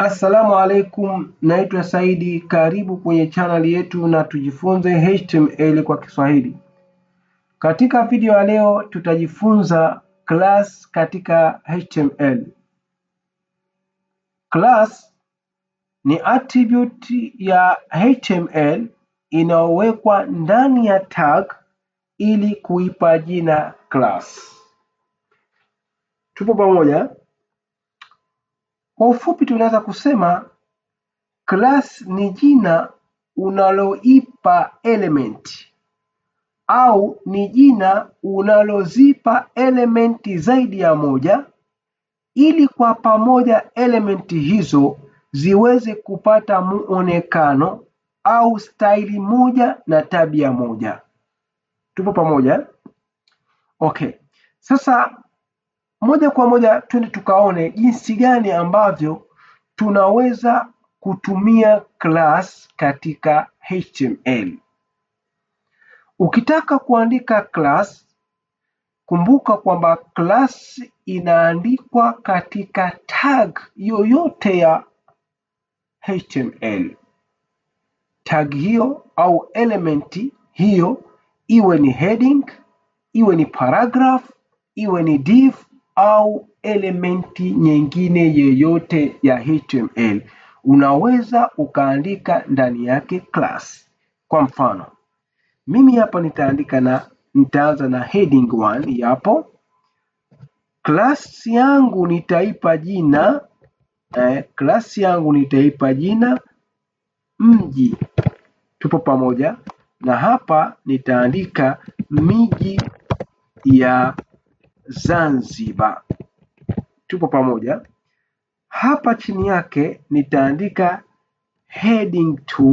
Assalamu alaikum, naitwa Saidi. Karibu kwenye chaneli yetu na tujifunze HTML kwa Kiswahili. Katika video ya leo tutajifunza class katika HTML. Class ni attribute ya HTML inayowekwa ndani ya tag ili kuipa jina class. Tupo pamoja? Kwa ufupi tunaweza kusema class ni jina unaloipa element au ni jina unalozipa elementi zaidi ya moja ili kwa pamoja elementi hizo ziweze kupata muonekano au staili moja na tabia moja. Tupo pamoja? Okay. Sasa moja kwa moja twende tukaone jinsi gani ambavyo tunaweza kutumia class katika HTML. Ukitaka kuandika class, kumbuka kwamba class inaandikwa katika tag yoyote ya HTML. Tag hiyo au elementi hiyo iwe ni heading, iwe ni paragraph, iwe ni div au elementi nyingine yeyote ya HTML, unaweza ukaandika ndani yake class. Kwa mfano, mimi hapa nitaandika na nitaanza na heading 1 yapo klasi yangu nitaipa jina eh, klasi yangu nitaipa jina mji, tupo pamoja, na hapa nitaandika miji ya Zanzibar. Tupo pamoja. Hapa chini yake nitaandika heading to,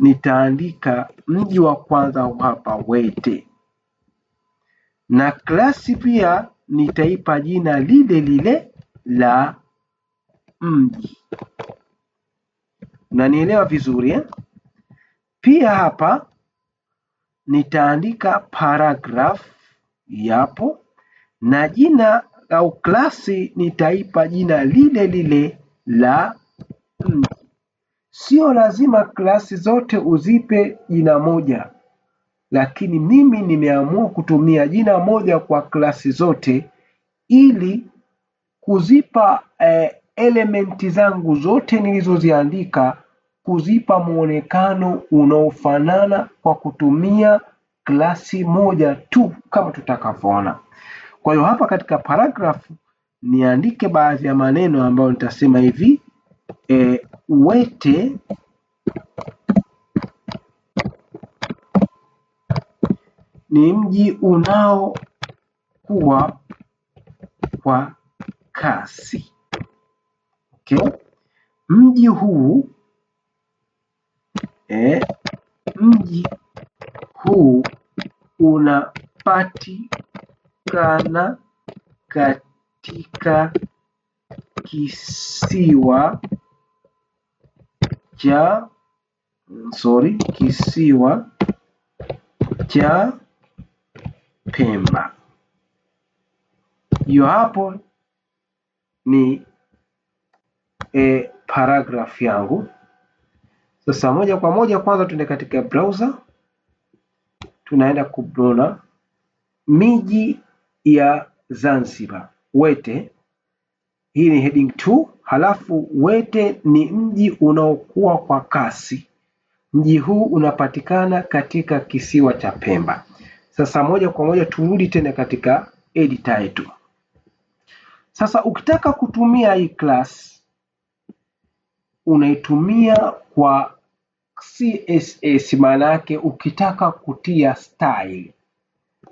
nitaandika mji wa kwanza hapa Wete, na klasi pia nitaipa jina lile lile la mji. na nielewa vizuri eh? Pia hapa nitaandika paragraph yapo, na jina au klasi nitaipa jina lile lile la mji. Sio lazima klasi zote uzipe jina moja, lakini mimi nimeamua kutumia jina moja kwa klasi zote ili kuzipa eh, elementi zangu zote nilizoziandika kuzipa muonekano unaofanana kwa kutumia glasi moja tu kama tutakavyoona. Kwa hiyo hapa katika paragrafu niandike baadhi ya maneno ambayo nitasema hivi e, wete ni mji unaokuwa kwa kasi. Okay, mji huu eh, mji huu unapatikana katika kisiwa cha sorry, kisiwa cha Pemba. Hiyo hapo ni e, paragraph yangu. Sasa moja kwa moja kwanza tuende katika browser tunaenda kuona miji ya Zanzibar, Wete. Hii ni heading 2. Halafu Wete ni mji unaokuwa kwa kasi. Mji huu unapatikana katika kisiwa cha Pemba. Sasa moja kwa moja turudi tena katika editor yetu. Sasa ukitaka kutumia hii class unaitumia kwa css maana yake ukitaka kutia style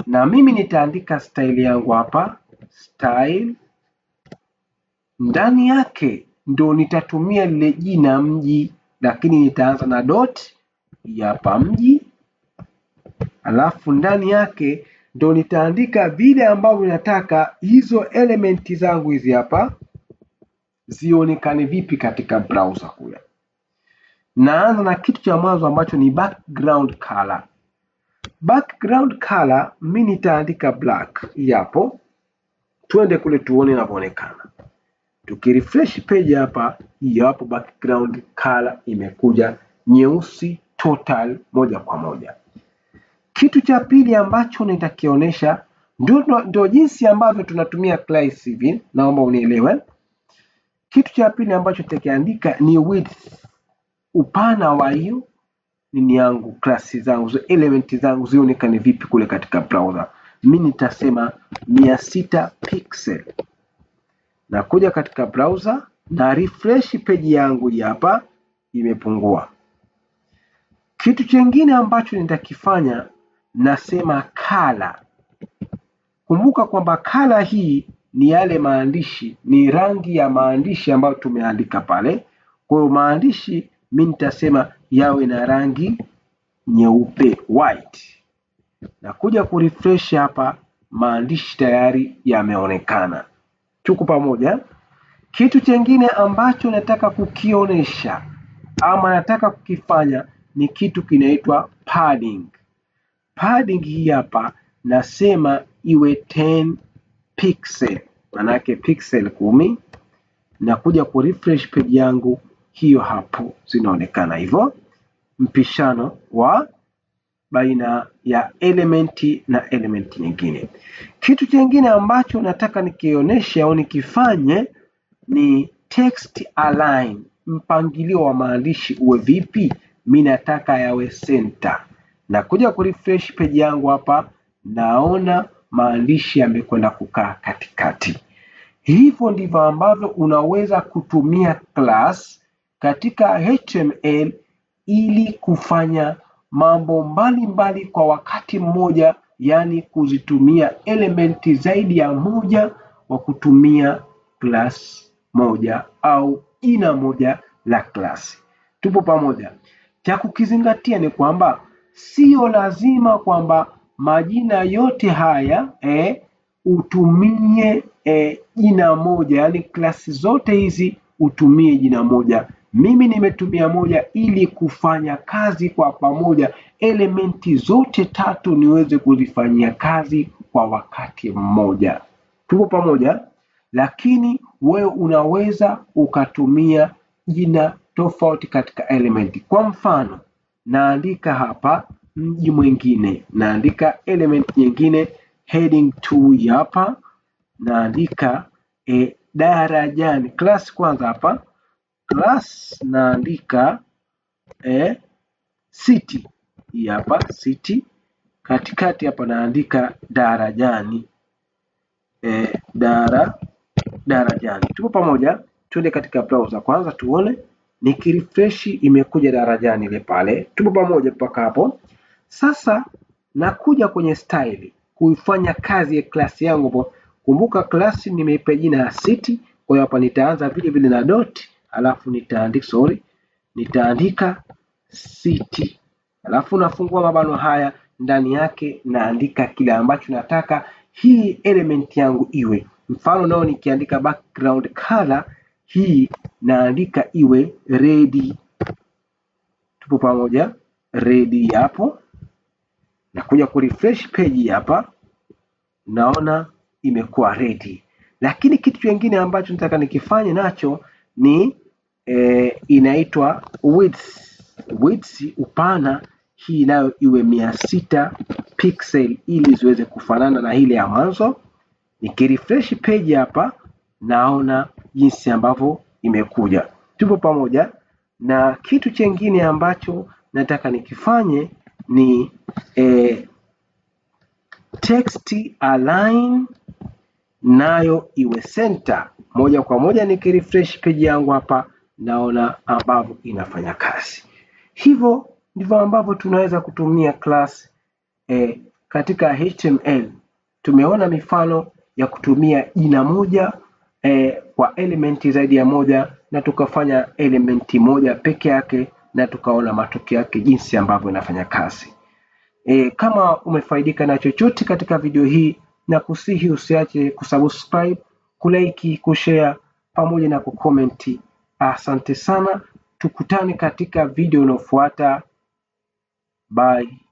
na mimi nitaandika style yangu hapa style ndani yake ndo nitatumia lile jina mji lakini nitaanza na dot hapa mji alafu ndani yake ndo nitaandika vile ambavyo nataka hizo elementi zangu hizi hapa zionekane vipi katika browser kule naanza na kitu cha mwanzo ambacho ni background color. Background color mi nitaandika black, yapo. Twende kule tuone inavyoonekana. Tukirefresh page hapa, yapo background color imekuja nyeusi total moja kwa moja. Kitu cha pili ambacho nitakionyesha ndio ndio jinsi ambavyo tunatumia class hivi, naomba unielewe. Kitu cha pili ambacho nitakiandika ni width upana wa hiyo nini yangu klasi zangu zo elementi zangu zionekane vipi kule katika browser mi nitasema mia sita pixel nakuja katika browser na refresh page yangu hii hapa imepungua kitu chengine ambacho nitakifanya nasema kala kumbuka kwamba kala hii ni yale maandishi ni rangi ya maandishi ambayo tumeandika pale kwa hiyo maandishi mi nitasema yawe na rangi nyeupe white. Na kuja kurefresh hapa, maandishi tayari yameonekana. Tuko pamoja. Kitu chengine ambacho nataka kukionesha ama nataka kukifanya ni kitu kinaitwa padding. Padding hii hapa nasema iwe 10 pixel, manake pixel kumi. Nakuja kurefresh page yangu hiyo hapo zinaonekana hivyo, mpishano wa baina ya elementi na elementi nyingine. Kitu kingine ambacho nataka nikionyeshe au nikifanye ni text align, mpangilio wa maandishi uwe vipi? Mi nataka yawe center. Na kuja refresh page yangu hapa, naona maandishi yamekwenda kukaa katikati. Hivyo ndivyo ambavyo unaweza kutumia class katika HTML ili kufanya mambo mbalimbali mbali kwa wakati mmoja, yani kuzitumia elementi zaidi ya moja kwa kutumia class moja au jina moja la klasi. Tupo pamoja? Cha kukizingatia ni kwamba sio lazima kwamba majina yote haya eh, utumie e, jina moja, yani klasi zote hizi utumie jina moja mimi nimetumia moja ili kufanya kazi kwa pamoja, elementi zote tatu niweze kuzifanyia kazi kwa wakati mmoja. Tuko pamoja? Lakini wewe unaweza ukatumia jina tofauti katika elementi. Kwa mfano, naandika hapa mji mwingine, naandika elementi nyingine heading 2 hapa, naandika e, eh, darajani, class kwanza hapa class naandika eh, city. Hii hapa city, katikati hapa naandika darajani eh, dara darajani. Tupo pamoja, tuende katika browser kwanza tuone. Nikirifreshi imekuja darajani ile pale. Tupo pamoja mpaka hapo. Sasa nakuja kwenye style kuifanya kazi ya klasi yangu. Kumbuka klasi nimeipa jina ya city, kwa hiyo hapa nitaanza vile vile na dot alafu nitaandika sorry, nitaandika city, alafu nafungua mabano haya, ndani yake naandika kile ambacho nataka hii element yangu iwe. Mfano nao nikiandika background color hii naandika iwe red. Tupo pamoja, red hapo. Nakuja ku refresh page hapa, naona imekuwa red. Lakini kitu kingine ambacho nataka nikifanye nacho ni e, inaitwa width. Width upana hii nayo iwe mia sita pixel ili ziweze kufanana na ile ya mwanzo. Nikirefresh page hapa, naona jinsi ambavyo imekuja. Tupo pamoja, na kitu chengine ambacho nataka nikifanye ni e, text align nayo iwe center. Moja kwa moja nikirefresh page yangu hapa, naona ambavyo inafanya kazi. Hivyo ndivyo ambavyo tunaweza kutumia class eh, katika HTML. Tumeona mifano ya kutumia jina moja eh, kwa elementi zaidi ya moja na tukafanya elementi moja peke yake na tukaona matokeo yake jinsi ambavyo inafanya kazi. E, kama umefaidika na chochote katika video hii na kusihi usiache kusubscribe, kulike, kushare pamoja na kukomenti. Asante sana, tukutane katika video inayofuata. Bye.